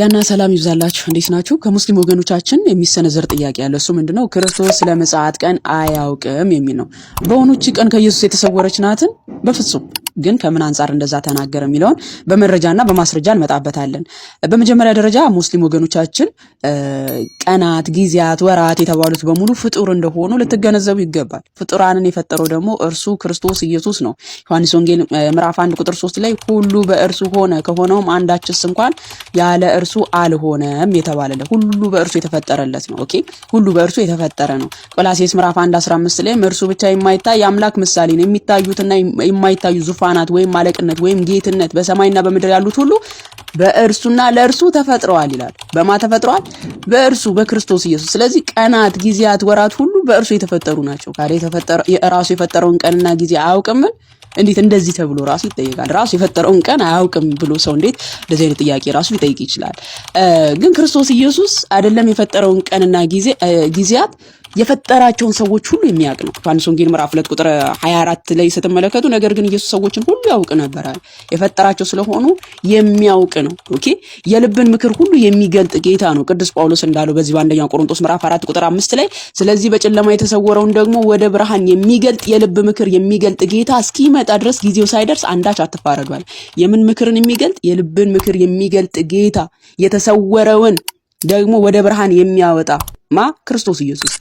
ጋና ሰላም ይብዛላችሁ። እንዴት ናችሁ? ከሙስሊም ወገኖቻችን የሚሰነዘር ጥያቄ ያለ እሱ ምንድነው? ክርስቶስ ስለ ምጽአት ቀን አያውቅም የሚል ነው። በሆኖች ቀን ከኢየሱስ የተሰወረች ናትን? በፍጹም ግን ከምን አንጻር እንደዛ ተናገረ የሚለውን በመረጃና በማስረጃ እንመጣበታለን። በመጀመሪያ ደረጃ ሙስሊም ወገኖቻችን ቀናት፣ ጊዜያት፣ ወራት የተባሉት በሙሉ ፍጡር እንደሆኑ ልትገነዘቡ ይገባል። ፍጡራንን የፈጠረው ደግሞ እርሱ ክርስቶስ ኢየሱስ ነው። ዮሐንስ ወንጌል ምዕራፍ አንድ ቁጥር ሶስት ላይ ሁሉ በእርሱ ሆነ ከሆነውም አንዳችስ እንኳን ያለ እርሱ አልሆነም የተባለለት ሁሉ በእርሱ የተፈጠረለት ነው። ኦኬ ሁሉ በእርሱ የተፈጠረ ነው። ቆላሴስ ምዕራፍ 1 15 ላይ እርሱ ብቻ የማይታይ አምላክ ምሳሌ ነው። የሚታዩትና የማይታዩ ዙፋ ፋናት ወይም ማለቅነት ወይም ጌትነት በሰማይና በምድር ያሉት ሁሉ በእርሱና ለእርሱ ተፈጥረዋል ይላል። በማ ተፈጥረዋል? በእርሱ በክርስቶስ ኢየሱስ። ስለዚህ ቀናት፣ ጊዜያት፣ ወራት ሁሉ በእርሱ የተፈጠሩ ናቸው። ካለ ራሱ የፈጠረውን ቀንና ጊዜ አያውቅምን? እንዴት እንደዚህ ተብሎ ራሱ ይጠየቃል? ራሱ የፈጠረውን ቀን አያውቅም ብሎ ሰው እንዴት እንደዚህ አይነት ጥያቄ ራሱ ሊጠይቅ ይችላል? ግን ክርስቶስ ኢየሱስ አይደለም የፈጠረውን ቀንና ጊዜያት የፈጠራቸውን ሰዎች ሁሉ የሚያውቅ ነው። ዮሐንስ ወንጌል ምዕራፍ ሁለት ቁጥር 24 ላይ ስትመለከቱ ነገር ግን ኢየሱስ ሰዎችን ሁሉ ያውቅ ነበረ፣ የፈጠራቸው ስለሆኑ የሚያውቅ ነው። ኦኬ የልብን ምክር ሁሉ የሚገልጥ ጌታ ነው። ቅዱስ ጳውሎስ እንዳለው በዚህ በአንደኛ ቆሮንቶስ ምዕራፍ 4 ቁጥር 5 ላይ ስለዚህ በጨለማ የተሰወረውን ደግሞ ወደ ብርሃን የሚገልጥ የልብ ምክር የሚገልጥ ጌታ እስኪመጣ ድረስ ጊዜው ሳይደርስ አንዳች አትፋረዷል። የምን ምክርን የሚገልጥ የልብን ምክር የሚገልጥ ጌታ የተሰወረውን ደግሞ ወደ ብርሃን የሚያወጣ ማ ክርስቶስ ኢየሱስ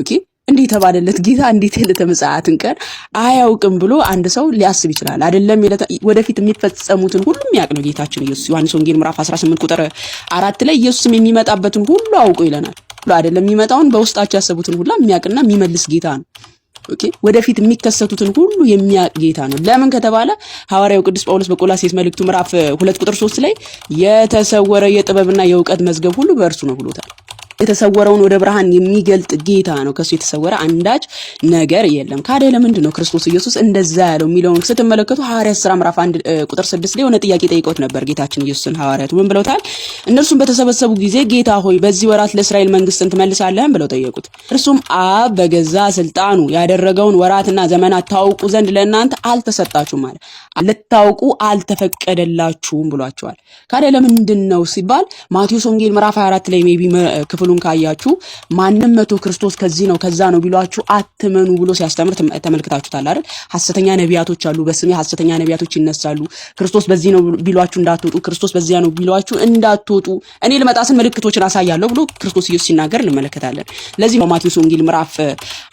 ኦኬ እንዲህ የተባለለት ጌታ እንዴት የዕለተ ምጽአትን ቀን አያውቅም ብሎ አንድ ሰው ሊያስብ ይችላል። አይደለም ወደፊት የሚፈጸሙትን ሁሉም ያውቅ ነው ጌታችን ኢየሱስ። ዮሐንስ ወንጌል ምዕራፍ 18 ቁጥር አራት ላይ ኢየሱስም የሚመጣበትን ሁሉ አውቆ ይለናል። ሁሉ አይደለም የሚመጣውን በውስጣቸው ያሰቡትን ሁላ የሚያውቅና የሚመልስ ጌታ ነው። ኦኬ ወደፊት የሚከሰቱትን ሁሉ የሚያውቅ ጌታ ነው። ለምን ከተባለ ሐዋርያው ቅዱስ ጳውሎስ በቆላሴስ መልእክቱ ምዕራፍ ሁለት ቁጥር ሶስት ላይ የተሰወረ የጥበብና የእውቀት መዝገብ ሁሉ በእርሱ ነው ብሎታል። የተሰወረውን ወደ ብርሃን የሚገልጥ ጌታ ነው። ከሱ የተሰወረ አንዳች ነገር የለም። ካደ ለምንድን ነው ክርስቶስ ኢየሱስ እንደዛ ያለው የሚለውን ስትመለከቱ ሐዋርያት ሥራ ምዕራፍ አንድ ቁጥር ስድስት ላይ የሆነ ጥያቄ ጠይቀውት ነበር ጌታችን ኢየሱስን ሐዋርያቱ ምን ብለውታል? እነርሱም በተሰበሰቡ ጊዜ ጌታ ሆይ በዚህ ወራት ለእስራኤል መንግሥትን ትመልሳለህን ብለው ጠየቁት። እርሱም አብ በገዛ ስልጣኑ ያደረገውን ወራትና ዘመናት ታውቁ ዘንድ ለእናንተ አልተሰጣችሁም አለ፣ ልታውቁ አልተፈቀደላችሁም ብሏቸዋል። ካደ ለምንድን ነው ሲባል ማቴዎስ ወንጌል ምዕራፍ 24 ላይ ሜይ ቢ ክፍል ክፍሉን ካያችሁ ማንም መቶ ክርስቶስ ከዚህ ነው ከዛ ነው ቢሏችሁ አትመኑ ብሎ ሲያስተምር ተመልክታችሁታል አይደል? ሐሰተኛ ነቢያቶች አሉ፣ በስሜ ሐሰተኛ ነቢያቶች ይነሳሉ። ክርስቶስ በዚህ ነው ቢሏችሁ እንዳትወጡ፣ ክርስቶስ በዚያ ነው ቢሏችሁ እንዳትወጡ፣ እኔ ልመጣ ምልክቶችን አሳያለሁ ብሎ ክርስቶስ ኢየሱስ ሲናገር እንመለከታለን። ለዚህ በማቴዎስ ወንጌል ምዕራፍ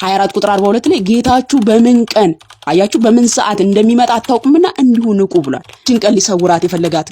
24 ቁጥር 42 ላይ ጌታችሁ በምን ቀን አያችሁ በምን ሰዓት እንደሚመጣ አታውቁምና እንዲሁ ንቁ ብሏል። ይህችን ቀን ሊሰውራት የፈለጋት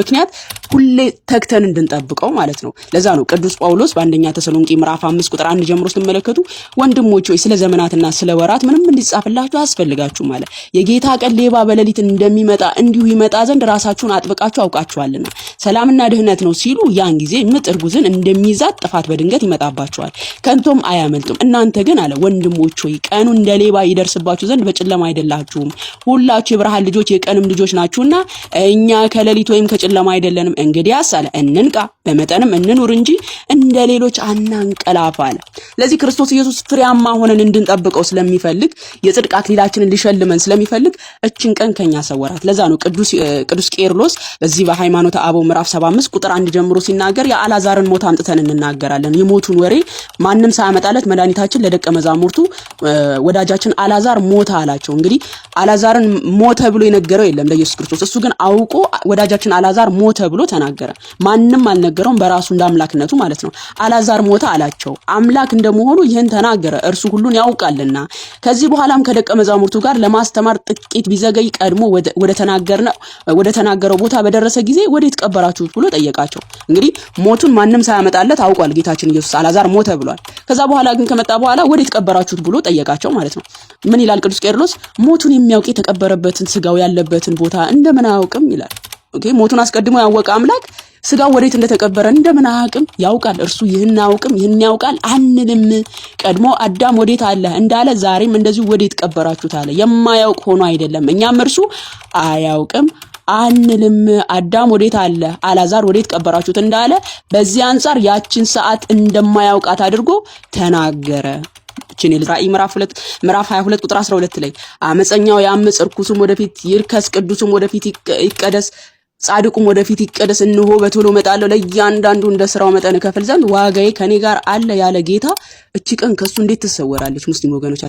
ምክንያት ሁሌ ተግተን እንድንጠብቀው ማለት ነው። ለዛ ነው ቅዱስ ጳውሎስ በአንደኛ ተሰሎንቄ ምዕራፍ አምስት ቁጥር አንድ ጀምሮ ስትመለከቱ ወንድሞች ሆይ ስለ ዘመናትና ስለ ወራት ምንም እንዲጻፍላችሁ አያስፈልጋችሁ ማለት የጌታ ቀን ሌባ በሌሊት እንደሚመጣ እንዲሁ ይመጣ ዘንድ ራሳችሁን አጥብቃችሁ አውቃችኋልና ሰላምና ድህነት ነው ሲሉ ያን ጊዜ ምጥ እርጉዝን እንደሚይዛት ጥፋት በድንገት ይመጣባቸዋል፣ ከንቶም አያመልጡም። እናንተ ግን አለ ወንድሞች ሆይ ቀኑ እንደ ሌባ ይደርስባችሁ ዘንድ በጭ ጨለማ አይደላችሁም፣ ሁላችሁ የብርሃን ልጆች የቀንም ልጆች ናችሁና እኛ ከሌሊት ወይም ከጨለማ አይደለንም። እንግዲያስ አለ እንንቃ፣ በመጠንም እንኑር እንጂ እንደ ሌሎች አናንቀላፋ አለ። ለዚህ ክርስቶስ ኢየሱስ ፍሬያማ ሆነን እንድንጠብቀው ስለሚፈልግ የጽድቅ አክሊላችንን ሊሸልመን ስለሚፈልግ እችን ቀን ከኛ ሰወራት። ለዛ ነው ቅዱስ ቄርሎስ በዚህ በሃይማኖተ አበው ምዕራፍ 75 ቁጥር አንድ ጀምሮ ሲናገር የአላዛርን ሞት አምጥተን እንናገራለን። የሞቱን ወሬ ማንም ሳያመጣለት መድኃኒታችን ለደቀ መዛሙርቱ ወዳጃችን አላዛር ሞተ አላቸው። ናቸው። እንግዲህ አላዛርን ሞተ ብሎ የነገረው የለም ለኢየሱስ ክርስቶስ። እሱ ግን አውቆ ወዳጃችን አላዛር ሞተ ብሎ ተናገረ። ማንም አልነገረውም፣ በራሱ እንደ አምላክነቱ ማለት ነው። አላዛር ሞተ አላቸው። አምላክ እንደመሆኑ ይህን ተናገረ፣ እርሱ ሁሉን ያውቃልና። ከዚህ በኋላም ከደቀ መዛሙርቱ ጋር ለማስተማር ጥቂት ቢዘገይ ቀድሞ ወደ ተናገረው ቦታ በደረሰ ጊዜ ወዴት ቀበራችሁት ብሎ ጠየቃቸው። እንግዲህ ሞቱን ማንም ሳያመጣለት አውቋል ጌታችን ኢየሱስ አላዛር ሞተ ብሏል። ከዛ በኋላ ግን ከመጣ በኋላ ወዴት ቀበራችሁት ብሎ ጠየቃቸው ማለት ነው። ምን ይላል ቅዱስ ቄርሎስ? ክርስቶስ ሞቱን የሚያውቅ የተቀበረበትን ስጋው ያለበትን ቦታ እንደምን አያውቅም ይላል። ኦኬ ሞቱን አስቀድሞ ያወቀ አምላክ ስጋው ወዴት እንደተቀበረ እንደምን አያውቅም? ያውቃል። እርሱ ይህን አያውቅም ይህን ያውቃል አንልም። ቀድሞ አዳም ወዴት አለ እንዳለ ዛሬም እንደዚሁ ወዴት ቀበራችሁት አለ። የማያውቅ ሆኖ አይደለም። እኛም እርሱ አያውቅም አንልም። አዳም ወዴት አለ አላዛር ወዴት ቀበራችሁት እንዳለ በዚህ አንጻር ያችን ሰዓት እንደማያውቃት አድርጎ ተናገረ። እችን ራእይ ምዕራፍ ሁለት ምዕራፍ 22 ቁጥር 12 ላይ አመፀኛው ያምፅ፣ እርኩሱም ወደፊት ይርከስ፣ ቅዱሱም ወደፊት ይቀደስ፣ ጻድቁም ወደፊት ይቀደስ። እንሆ በቶሎ እመጣለሁ፣ ለእያንዳንዱ እንደ ስራው መጠን እከፍል ዘንድ ዋጋዬ ከኔ ጋር አለ ያለ ጌታ እቺ ቀን ከሱ እንዴት ትሰወራለች? ሙስሊም ወገኖች